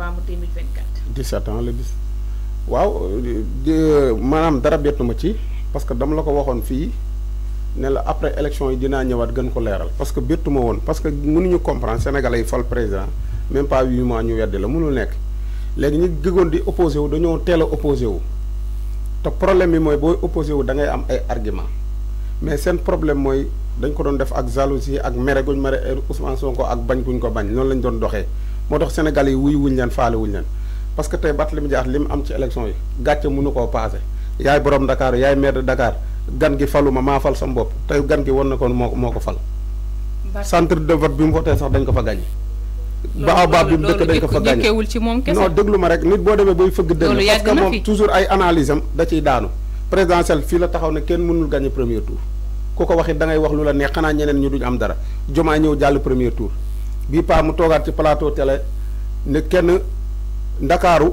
novembre 2024. 17 ans la bis waaw maanaam dara bettu ci parce que dama la ko waxoon fii ne la après election yi dinaa ñëwaat gën ko leeral parce que bettu woon parce que mënuñu comprendre sénégalais yi fal président même par huit mois ñu weddi la mënul nekk léegi ñu gëgoon di opposé wu dañoo teel a wu te problème yi mooy booy opposé wu da ngay am ay argument mais seen problème mooy dañ ko doon def ak jalousie ak mere guñ mere Ousmane Sonko ak bañ guñ ko bañ noonu lañ doon doxee moo tax Sénégal yi wuy wuñ leen faale wuñ leen parce que tey Barthélémy Dias li mu am ci élection yi gàcce mënu koo paase yaay borom Dakar yaay maire de Dakar gan gi faluma maa fal sam bopp tey gan gi wan na ko moo moo ko fal. centre de vote bi mu voté sax dañ ko fa gàññi. ba baab bi mu dëkk dañ ko fa gàññi ci moom kese non déglu ma rek nit boo demee bay fëgg dënn parce que moom toujours ay analyse am da ciy daanu présidentielle fii la taxaw ne kenn mënul gàññi premier tour ku ko waxit da wax lu la xanaa ñeneen ñu duñ am dara jomaa ñëw jàll premier tour bii paa mu toogaat ci plateau télé ne kenn ndakaaru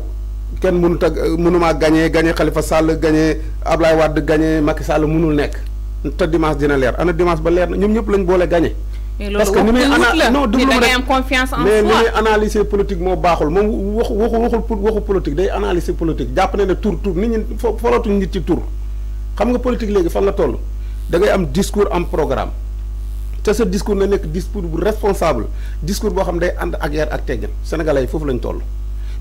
kenn mënut a mënumaa gañee gañee xalifa Sall gañee Ablaye Wade gañee Macky Sall mënul nekk te dimanche dina leer ana dimanche ba leer na ñoom ñëpp lañ boole gañee parce que ni muy ana non mais ni muy analyser politique moo baaxul moom waxu waxu waxu politique day analyser politique jàpp na ne tur tur nit ñi folootuñ nit ci tur xam nga politique léegi fan la toll dangay ngay am discours am programme te sa discours na nekk discours bu responsable discours boo xam day ànd ak yar ak teggin sénégalais yi foofu lañ toll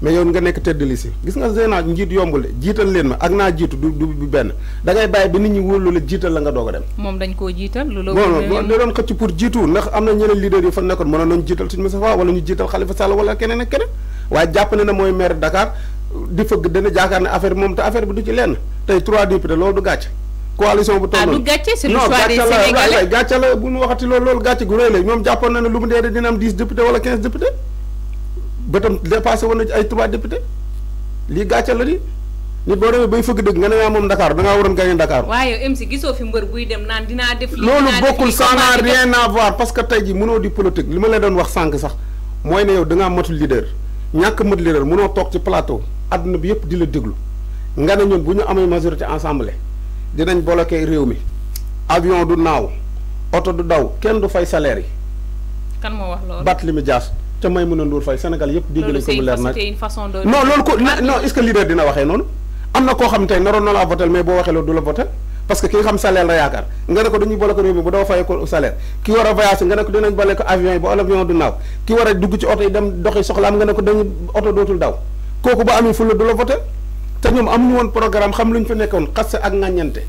mais yow nga nekk tête de gis nga Zeyna njiit yombul de jiital leen ma ak naa jiitu du du benn da ngay bàyyi ba nit ñi wóolu la jiital la nga doog a dem. moom dañ koo jiital lu la. bon da doon xëcc pour jiitu ndax am na ñeneen leader yu fa nekkoon mënoon nañu jiital suñu Moustapha wala ñu jiital Khalifa Sall wala keneen ak keneen moom te affaire bi du ci lenn tey trois coalition bu toll noonu. ah du gàcce c'est le choix des Sénégalais non gàcce la bu ñu waxati loolu loolu gàcce gu rëy la ñoom jàppoon na ne lu mu dee dina am dix député wala quinze député ba tam dépassé ay trois député lii gàcce la di nit boo demee bay fëgg dëgg nga ne yaa moom Dakar da ngaa waroon gagné Dakar. waaye MC gisoo loolu bokkul ça rien à voir parce que tey jii mënoo di politique li ma la doon wax sànq sax mooy ne yow da ngaa matul leader ñàkk mat leader mënoo toog ci plateau àdduna bi yëpp di la déglu nga ne ñun bu ñu amee majorité assemblée dinañ bloqué réew mi avion du naaw oto du daw kenn du fay salaire yi. kan moo wax loolu may mën a nduur fay Sénégal yëpp dégg nañ ko mu leer nag non loolu am na koo xam tey naroon na laa votel mais boo waxee loolu du la votel parce que ki nga xam salaire la yaakaar nga ne ko dañuy boole ko réew mi bu doo fay ko salaire ki war a voyage nga ne ko dinañ boole ko avion yi ba avion du naaw ki war a dugg ci oto yi dem doxi soxlaam nga ne ko dañu te ñoom amuñu won programme xam luñ fa nekkon xass ak ngagnante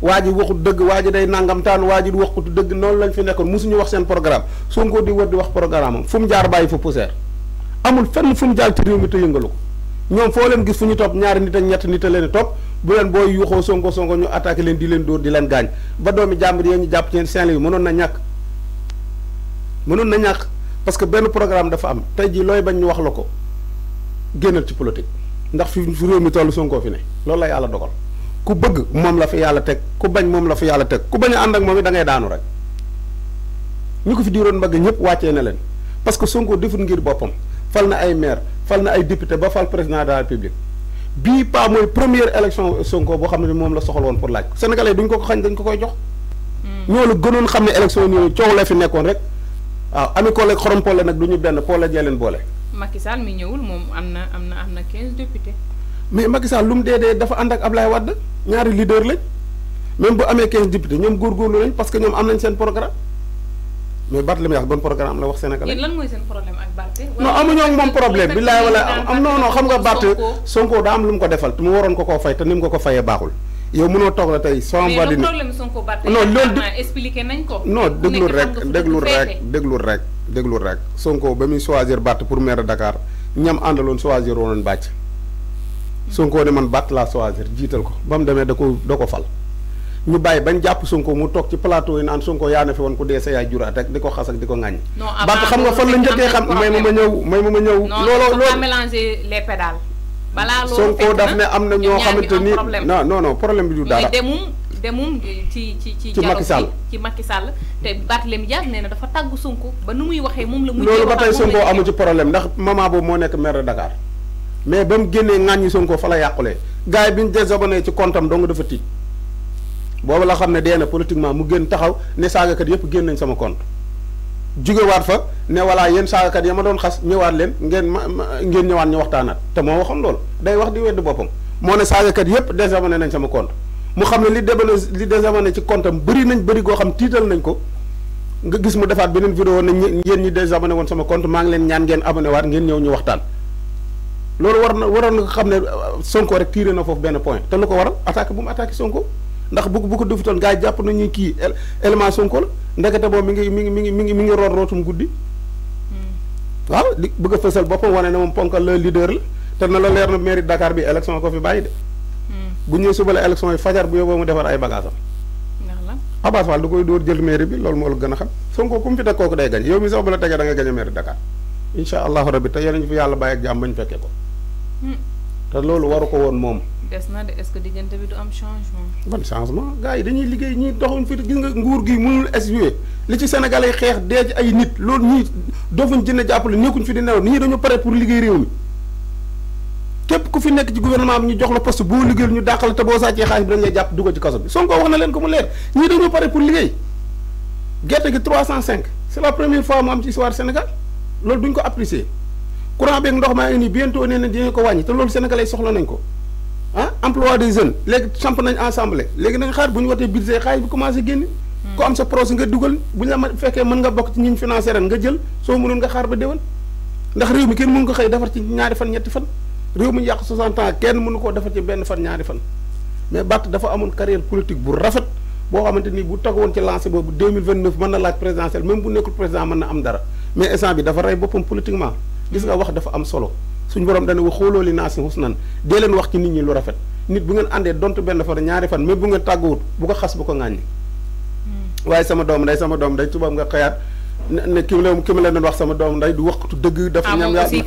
waji waxu waxut dëgg waa ji day nangamtaan waa ji waxut dëgg noonu lañ fi musu ñu wax seen programme ngo di wëd di wax programme fu mu jaar bàyyi fu pousser amul fenn fu mu jaar ci réew mi te yëngalu ko ñoom foo leen gis fu ñu top ñaar nit ak ñet nit a leen top bu leen booy yuuxoo Sonko Sonko ñu attaquer leen di leen door di leen gaañ ba doomi jamm ya di ñu japp ci Saint Louis mënon na ñak mënon na ñak parce que ben programme dafa am tay ji loy bañ ñu wax lako gënal ci politique ndax fi réew mi toll Sonko fi ne loolu la yàlla dogal ku bëgg moom la fi yàlla teg ku bañ moom la fi yàlla teg ku bañ a ànd ak moom it da ngay daanu rek ñu ko fi diiroon mbagg ñëpp wàccee na leen parce que Sonko deful ngir boppam fal na ay maire fal na ay député ba fal président de la république bii pas mooy première élection Sonko boo xam ne moom la soxal woon pour laaj ko sénégalais duñ ko ko xañ dañ ko koy jox. Hmm. ñoo la gënoon xam ne élection nii coow la fi nekkoon rek waaw ami collègue xorom poole nag du ñu benn poole jee leen boole. Macky Sall mi amna moom am na am na am na 15 députés. mais Macky Sall lu mu dee dafa ànd ak Ablaye Wade ñaari leader lañ même bu amee 15 députés ñoom góorgóorlu lañ parce que ñoom am nañ seen programme mais Barthélémy Dias bon programme la wax Sénégal. lan mooy seen problème ak Barthé. non amuñoo ak moom problème wala am non non xam nga Barthé Sonko daa am lu mu ko defal te mu waroon ko koo fay te ni mu ko ko fayee baaxul. yow mënoo toog la tey soo mais problème Sonko non loolu rek rek rek. déglul rek Sonko ba muy choisir Batt pour maire dakaar ñam àndaloon choisir woon bàcc Sonko ne man Batt laa choisir jiital ko ba mu demee da ko da ko fal ñu bàyyi bañ jàpp Sonko mu toog ci plateau yi naan Sonko yaa na fi woon ku dee sa yaay juraat rek di ko xas ak di ko ŋàññ Batt xam nga fan la njëkkee xam may ma ma ñëw may ma ma ñëw looloo loolu mélanger Sonko daf ne am na ñoo xamante ni non non non problème bi du dara demum ci ci ci. ci Macky Sall ci Macky Sall te Barthélémy Dias nee na dafa tàggu Sonko ba nu muy waxee moom la. mujjee loolu ba tey Sonko amu ci problème ndax maman boobu moo nekk maire de Dakar mais ba mu génnee ŋàññi Sonko fa la yàqulee gars yi bi ñu désabonné ci compte am dong dafa tiit boobu la xam ne dee na politiquement mu génn taxaw ne saagakat yëpp génn nañ sama compte. jugewaat fa ne voilà yéen saagakat ya ma doon xas ñëwaat leen ngeen ma ngeen ñëwaat ñu waxtaanaat te moo waxoon loolu day wax di wedd boppam moo ne saagakat yëpp désabonné nañ sama compte. mu xam ne li débal li désabonné ci comptam am bëri nañ bëri goo xam tiital nañ ko nga gis mu defaat beneen vidéo na yéen ñi désabonné woon sama compte maa ngi leen ñaan ngeen abonné waat ngeen ñëw ñu waxtaan loolu war na waroon nga xam ne euh, Sonko rek tiré na foofu benn point te lu ko waral attaque bu mu attaqué Sonko ndax bu bu ko defutoon gars yi jàpp nañu ki élément Sonko la ndekete boobu mi ngi mi ngi mi ngi mi ngi mi ngi root rootum guddi hmm. waaw bëgg a fësal boppam wane ne moom ponkal la leader la te na la leer na mairie Dakar bi élection ko fi bàyyi de bu ñëwee suba la élection yi fajar bu yóbboo mu defar ay bagaasam Abass Fall du koy dóor jël mairie bi loolu moo la gën a xam Sonko ku mu fi teg kooku day gañ yow mi sax bu la tegee da nga a mairie Dakar incha allahu rabbi te yéen fi yàlla bàyyi ak jàmm bañ fekkee ko hmm. te loolu waru ko woon moom des na de est-ce que diggante bi du am changement. ban changement gars yi dañuy liggéey ñii doxuñ fi gis nga nguur gi mënul essuyer li ci Sénégalais xeex de ci nit loolu ñii dofuñ jënd fi di nelaw nit ñi dañu pare pour liggéey réew mi ku fi nek ci gouvernement bi ñu jox la poste bo liguel ñu dakal te boo sàccee xaalis bi dañ lay japp dugal ci kasso bi Sonko wax na len ko mu leer ñii dañoo paré pour liguey gerte gi 305 c'est la première fois mo am ci histoire Sénégal loolu duñ ko apprécier courant beeg ndox ma ngi bientôt né na dinañ ko wañi te loolu sénégalais soxla nañ ko ah emploi des jeunes léegi champ nañ ensemble léegi nañ xaar buñ waté budget xaalis bi commencé génn ko am sa projet nga duggal buñ la féké mën nga bok ci ñiñ financé nga jël so mënul nga xaar ba déwén ndax réew mi kenn mënu ko xey dafar ci ñaari fan ñetti fan réew mi ñu yàq 60 ans kenn mënu koo defar ci benn fan ñaari fan mais Barth dafa amoon carrière politique bu rafet boo xamante ni bu tagoon ci lancé boobu 2029 mën na laaj présidentielle même bu nekkul président mën na am dara mais instant bi dafa rey boppam politiquement gis nga wax dafa am solo suñu borom dana wax xooloo li naa si nan dee leen wax ci nit ñi lu rafet nit bu ngeen àndee donte benn fan ñaari fan même bu ngeen tàgguwut bu ko xas bu ko ŋàññi hmm. waaye sama doom day sama doom day tubaab nga xëyaat ne ki ma leen ki ma leen wax sama doom nday du waxtu dëgg. dafa ñam yaa aussi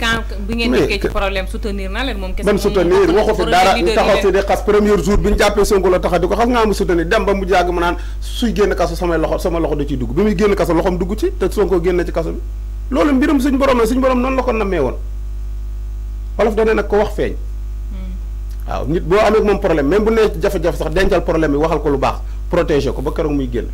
leen moom. kese ban soutenir waxu fi jàppee Sonko la taxaw di ko xam nga mu soutenir dem ba mu jàgg ma naan suy génn kaso samay loxo sama loxo da ciy dugg bi muy génn kaso loxoom dugg ci te Sonko génn ci kaso bi loolu mbirum suñ borom la suñ borom noonu la ko nammee woon wolof da ne nag ko wax feeñ. Hmm. waaw nit boo amee moom problème même bu nee jafe-jafe sax dencal problème bi waxal ko lu baax protéger ko ba keroog muy génn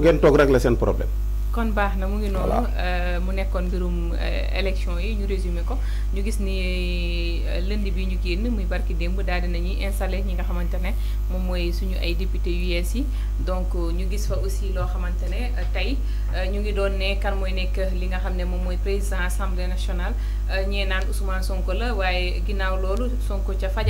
ngeen toog rek la seen problème kon baax na mu ngi noonu euh, mu nekkoon mbirum euh, élection yi ñu résumé ko ñu gis ni euh, lënd bi ñu génn muy barki démb daal di nañuy installé ñi nga xamante ne moom mooy suñu ay député yu yees yi donc ñu gis fa aussi loo xamante ne tey ñu ngi doon ne kan mooy nekk li nga xam ne moom mooy président assemblée national ñee naan Ousmane Sonko la waaye ginnaaw loolu Sonko ca fajar